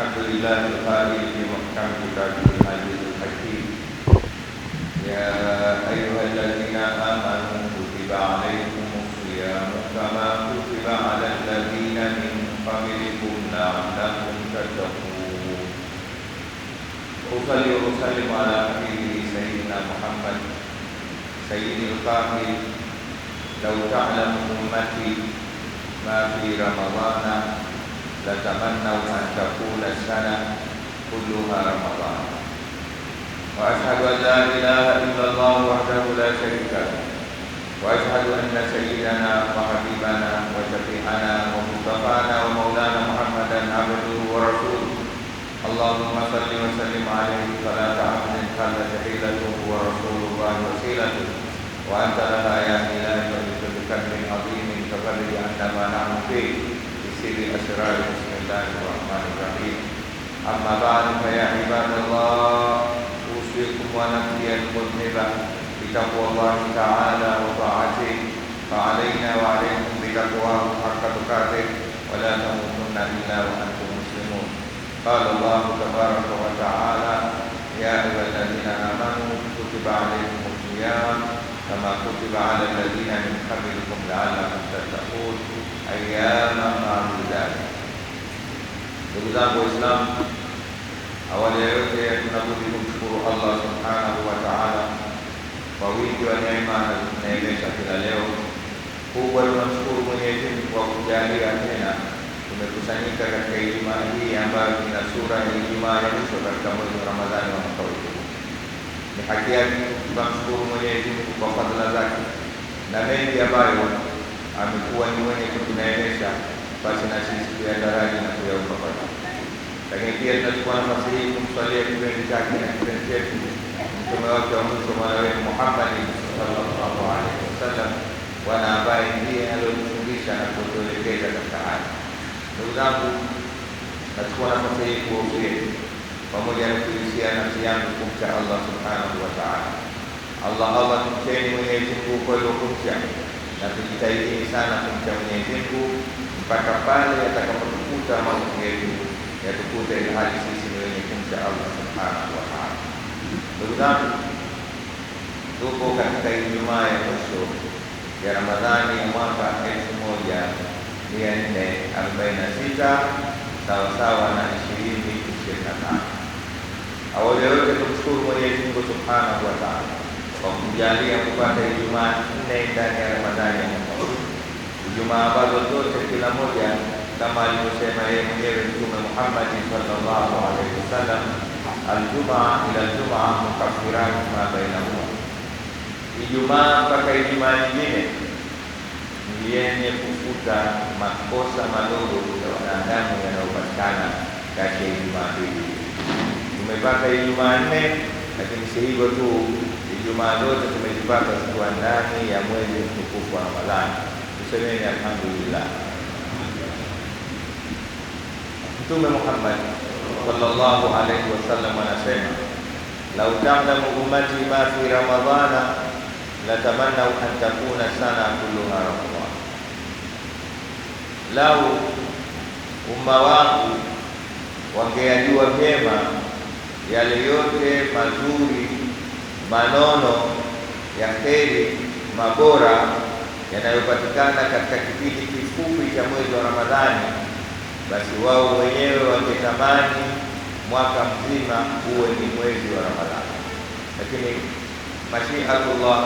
الحمد لله الخالق في محكم كتابه العزيز الحكيم يا أيها الذين آمنوا كتب عليكم الصيام كما كتب على الذين من قبلكم لعلكم تتقون أصلي وأسلم على حبيبي سيدنا محمد سيد القائل لو تعلم أمتي ما في رمضان لتمنوا أن تكون السنة كلها رمضان وأشهد أن لا إله إلا الله وحده لا شريك له وأشهد أن سيدنا وحبيبنا تفسير الأسرار بسم الله الرحمن الرحيم أما بعد فيا عباد الله أوصيكم ونفسي المذنبة بتقوى الله تعالى وطاعته فعلينا وعليكم بتقواه حق تقاته ولا تموتن إلا وأنتم مسلمون قال الله تبارك وتعالى يا أيها الذين آمنوا كتب عليكم الصيام كما كتب على الذين من قبلكم لعلكم تتقون أياما Ndugu zangu Waislamu, awali ya yote tunabudi kumshukuru Allah subhanahu wa taala kwa wingi wa neema anazotuneemesha kila leo. Kubwa tunamshukuru Mwenyezi Mungu kwa kujalia tena tumekusanyika katika Ijumaa hii ambayo ina sura ya Ijumaa ya mwisho katika mwezi wa Ramadhani wa mwaka huu. Ni haki yake tunamshukuru Mwenyezi Mungu kwa fadhila zake na mengi ambayo amekuwa ni mwenye kutuneemesha, basi na sisi kuyataraji na kuyaupapata lakini pia tunachukua nafasi hii kumswalia kipenzi chake na kipenzi chetu mtume wake wa mwisho mwana wetu Muhammad sallallahu alaihi wasallam, bwana ambaye ndiye aliyotufundisha na kutuelekeza katika haya. Ndugu zangu, nachukua nafasi hii kuombea pamoja na kuhusia nafsi yangu kumcha Allah subhanahu wa ta'ala. Allah Allah, tumcheni Mwenyezi Mungu kwa ile kumcha na tujitahidini sana kumcha Mwenyezi Mungu mpaka pale atakapotukuta maovu yetu yaitu putih di hadis di sini ini insya Allah subhanahu wa ta'ala Bukan Tuku kata ini cuma yang bersyuk Di Ramadhan ini maka Ini semuanya Di ente Arbain Asita Sawa-sawa na isyirin di kusir kata Awal jauh kita bersyuk Mulia sungguh subhanahu wa ta'ala Kau menjali yang bukan dari Jumat Ini dan yang Ramadhan yang bersyuk Jumat apa betul Sekilamu yang bersyuk kama alivyosema yeye mwenyewe Mtume Muhammad sallallahu alaihi wasallam, aljuma ila ljuma mukaffiratu ma bainahuma, Ijumaa mpaka Ijumaa nyingine ni yenye kufuta makosa madogo ya wanadamu yanayopatikana kati ya Ijumaa mbili. Tumepata Ijumaa nne, lakini si hivyo tu, Ijumaa zote tumejipata zikiwa ndani ya mwezi mtukufu wa Ramadhani. Tusemeni alhamdulillah. Mtume Muhammad sallallahu alayhi wasallam anasema, lau ta'lamu ummati ma fi ramadhana latamannau an takuna sana kulluha ramadhan lau umma wangu wangeyajua vyema yale yote mazuri, manono ya kheri, mabora yanayopatikana katika kipindi kifupi cha mwezi wa Ramadhani basi wao wenyewe wangetamani mwaka mzima uwe ni mwezi wa Ramadhani, lakini mashiatullah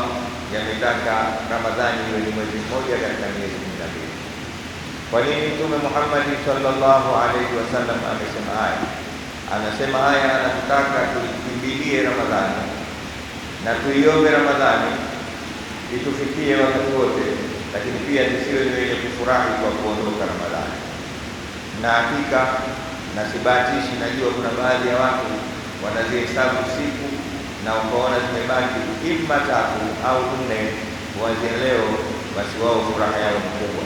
yametaka Ramadhani iwe ni mwezi mmoja katika miezi kumi na mbili. Kwa nini Mtume Muhammad sallallahu alaihi wasallam amesema haya? Anasema haya anataka tuikimbilie Ramadhani na tuiombe Ramadhani itufikie wakati wote, lakini pia tusiwe ni wenye kufurahi kwa kuondoka Ramadhani na hakika nasibahatishi, najua kuna baadhi ya watu wanazihesabu siku na ukaona zimebaki ima tatu au nne kuanzia leo, basi wao furaha yao mkubwa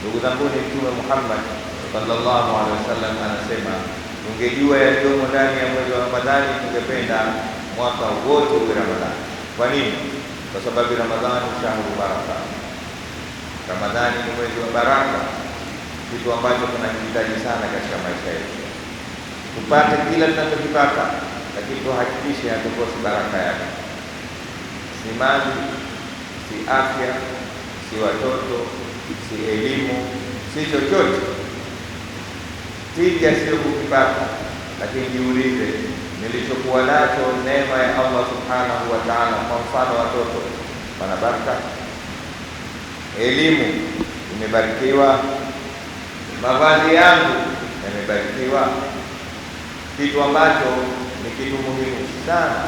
Ndugu zanguni, Mtume Muhammad sallallahu alaihi wasallam anasema, tungejua yaliyomo ndani ya mwezi wa Ramadhani tungependa mwaka wote uwe Ramadhani. Kwa nini? Kwa sababu Ramadhani shahru baraka, Ramadhani ni mwezi wa baraka kitu ambacho tunakihitaji sana katika maisha yetu. Tupate kila tunachokipata, lakini tuhakikishe hatukosi baraka yake, si mali, si afya, si watoto, si elimu, si chochote. Tija sio kukipata, lakini jiulize, nilichokuwa nacho neema ya Allah subhanahu wa ta'ala. Kwa mfano, watoto wana baraka, elimu imebarikiwa mavazi yangu yamebarikiwa, kitu ambacho ni kitu muhimu sana.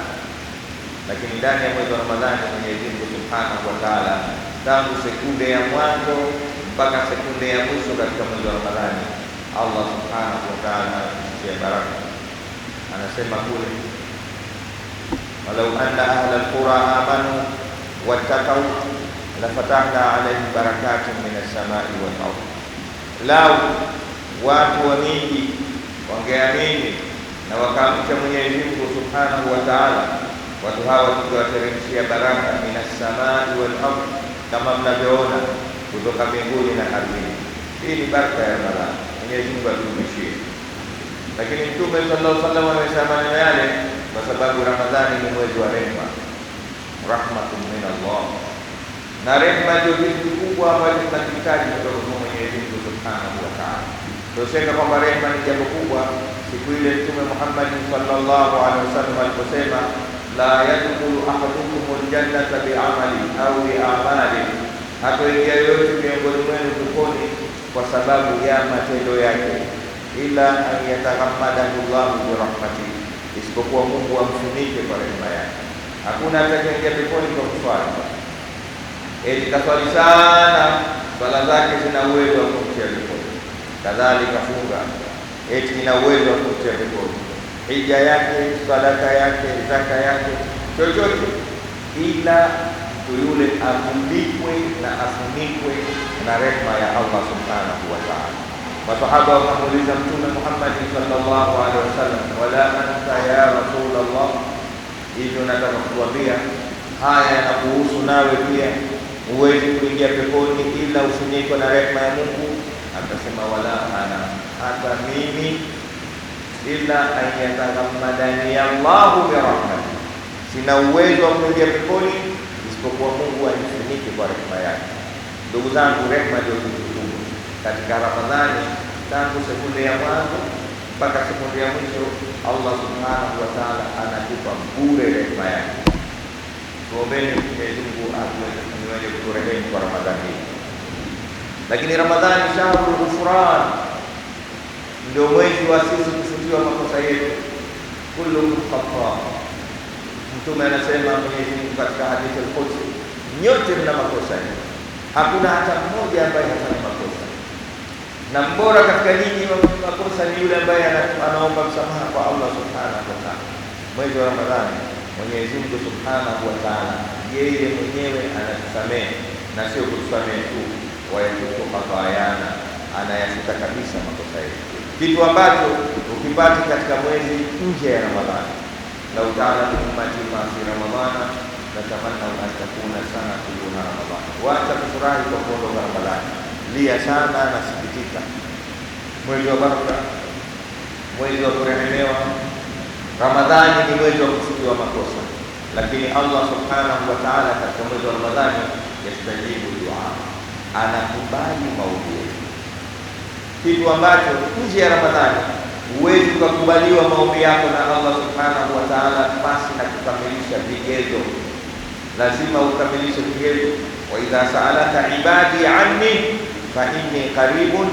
Lakini ndani ya mwezi wa Ramadhani Mwenyezi Mungu Subhanahu wa Ta'ala, tangu sekunde ya mwanzo mpaka sekunde ya mwisho katika mwezi wa Ramadhani, Allah Subhanahu wa Ta'ala baraka, anasema kule walau anna ahla lqura amanu wattaqau lafatahna alaihim barakatin min alsamai walardi Lau watu wa miji wangeamini na wakamcha Mwenyezi Mungu Subhanahu wa Ta'ala, watu hawa tukiwateremshia baraka minas samai wal ardh, kama mnavyoona kutoka mbinguni na ardhini. Hii ni baraka ya ramadhani Mwenyezi Mungu atuumishie. Lakini Mtume sallallahu alaihi wasallam amesema maneno yale kwa sababu Ramadhani ni mwezi wa rehma, rahmatun min Allah, na rehma ndio kitu kikubwa ambacho tunakihitaji kutoka subhanahu wa ta'ala tusema kwamba rehema ni jambo kubwa siku ile mtume Muhammad sallallahu alaihi wasallam aliposema la yadkhulu ahadukum aljannata bi'amali au bi'amali hatoingia yoyote miongoni mwenu peponi kwa sababu ya matendo yake ila an yataghammadahu Allah bi isipokuwa Mungu amfunike kwa rehema yake hakuna atakayeingia peponi kwa eh, kuswali eti kaswali sana swala zake zina uwezo wa kumtia viporo, kadhalika funga eti ina uwezo wa kumtia viporo, hija yake, sadaka yake, zaka yake, chochote ila yule afundikwe na afunikwe na rehma ya Allah subhanahu wa ta'ala. Masahaba wakamuuliza Mtume Muhammadi sallallahu alaihi wasallam, wala anta ya Rasulullah, hivyo nataka kukuambia haya yanakuhusu nawe pia kuingia peponi ila ufunikwe na rehema ya Mungu. Akasema wala ana hata mimi illa an yataghammadani Allahu birahmati, sina uwezo wa kuingia peponi isipokuwa Mungu anifunike kwa rehema yake. Ndugu zangu, rehema ndio kutukufu katika Ramadhani. Tangu sekunde ya mwanzo mpaka sekunde ya mwisho, Allah subhanahu wa ta'ala anatupa bure rehema yake tuombeni Mwenyezi Mungu atuweze kuturehemu kwa Ramadhani hii. Lakini Ramadhani shahru ghufran, ndio mwezi wa sisi kufutiwa makosa yetu, kullu khata. Mtume anasema Mwenyezi Mungu katika hadithi al-Qudsi, nyote mna makosa yenu, hakuna hata mmoja ambaye hana makosa, na mbora katika nyinyi makosa ni yule ambaye anaomba msamaha kwa Allah subhanahu wa ta'ala. Mwezi wa Ramadhani Mwenyezi Mungu Subhanahu wa Ta'ala, yeye mwenyewe anatusamehe na sio kutusamehe tu, wayatuku khataayana, anayafuta kabisa makosa yetu, kitu ambacho ukipata katika mwezi nje ya Ramadhani. lau taalamu ummati ma fi na natamannau an takuna sana kuluna ramadhani wacha kufurahi kwa kuondoka Ramadhani. Lia sana, nasikitika mwezi wa baraka, mwezi wa kurehemewa Ramadhani ni mwezi wa kufutiwa makosa, lakini Allah subhanahu wa ta'ala katika mwezi wa Ramadhani yastajibu dua, anakubali maombi yetu, kitu ambacho nje ya Ramadhani huwezi ukakubaliwa maombi yako na Allah subhanahu wa ta'ala basi na kukamilisha vigezo. Lazima ukamilishe vigezo. wa idha sa'alaka ibadi anni fa inni qaribun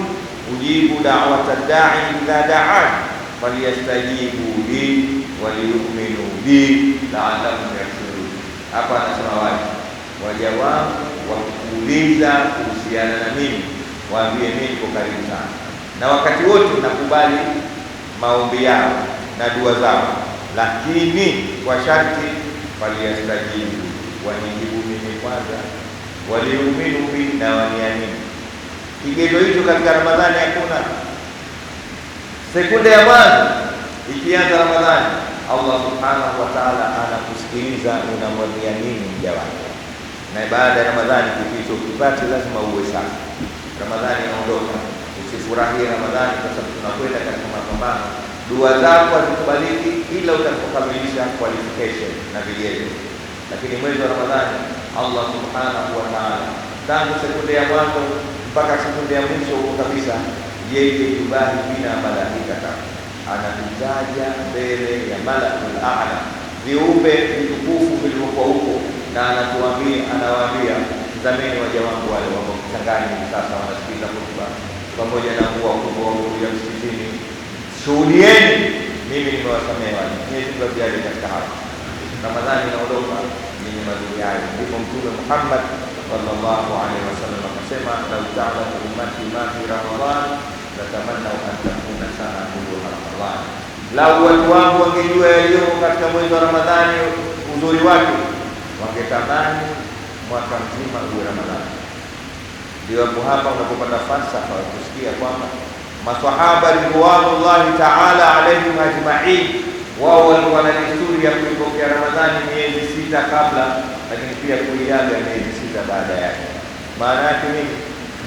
ujibu da'wata da'i idha da'ani waliyastajibu bi waliyuminu bi la'allahum yarshudun. Hapa anasema wapi? Waja wangu wakuuliza kuhusiana na mimi, waambie mimi niko karibu sana, na wakati wote nakubali maombi yao na dua zao, lakini kwa sharti waliyastajibu, wanijibu mimi kwanza, waliyuminu bi na waniamini. Kigezo hicho katika Ramadhani hakuna sekunde ya mwanzo ikianza Ramadhani, Allah subhanahu wa taala anakusikiliza unamwambia nini mja wake. Na baada ya Ramadhani kipicho kipati lazima uwe safi. Ramadhani inaondoka, usifurahie Ramadhani kwa sababu tunakwenda katika mapambano. Dua zako hazikubaliki ila utakapokamilisha qualification na vigezo. Lakini mwezi wa Ramadhani Allah subhanahu wa taala tangu sekunde ya mwanzo mpaka sekunde ya mwisho huko kabisa yeye yubahi bila malaika kama anatutaja mbele ya malakul a'la, viumbe vitukufu vilivyokuwa huko, na anatuambia anawaambia, zameni waja wangu wale wako kitangani hivi sasa wanasikiliza hotuba pamoja na kuwa kubwa ya msikitini, shuhudieni mimi nimewasamehe wale nietubajali katika hapo Ramadhani inaondoka yenye mazuri hayo, ndipo Mtume Muhammad sallallahu alaihi wasallam sema tautala ummati ma fi ramadhan natamanna an takuna sanatuhu ramadhan lau watu wangu wangejua yaliyomo katika mwezi wa ramadhani uzuri wake wangetamani mwaka mzima uwe ramadhani ndiwapo hapa unapopata falsafa ya kusikia kwamba maswahaba ridwanullahi taala alaihim ajmain wao walikuwa na desturi ya kuipokea ramadhani miezi sita kabla lakini pia kuiaga miezi sita baada yake Maana yake nini?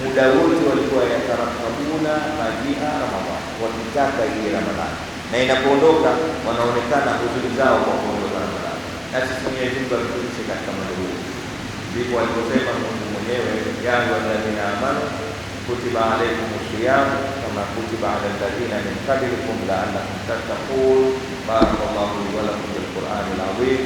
Muda wote walikuwa yatarakabuna majia Ramadhan, wakitaka ile Ramadhani, na inapoondoka wanaonekana huzuni zao kwa kuondoka Ramadhani. Na sisi Mwenyezi Mungu atufikishe katika madhuru, ndipo aliposema Mungu mwenyewe, ya ayyuhalladhina amanu kutiba alaykumus siyam kama kutiba ala alladhina min qablikum la'allakum tattaqun. Barakallahu li wa lakum bil Qur'anil azim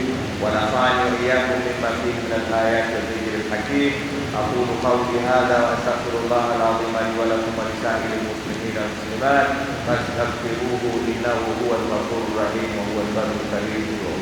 wa nafa'ani wa iyyakum bima fihi min al-ayati wa dhikril hakim. أقول قولي هذا وأستغفر الله العظيم لي ولكم ولسائر المسلمين والمسلمات فاستغفروه إنه هو الغفور الرحيم وهو البر الكريم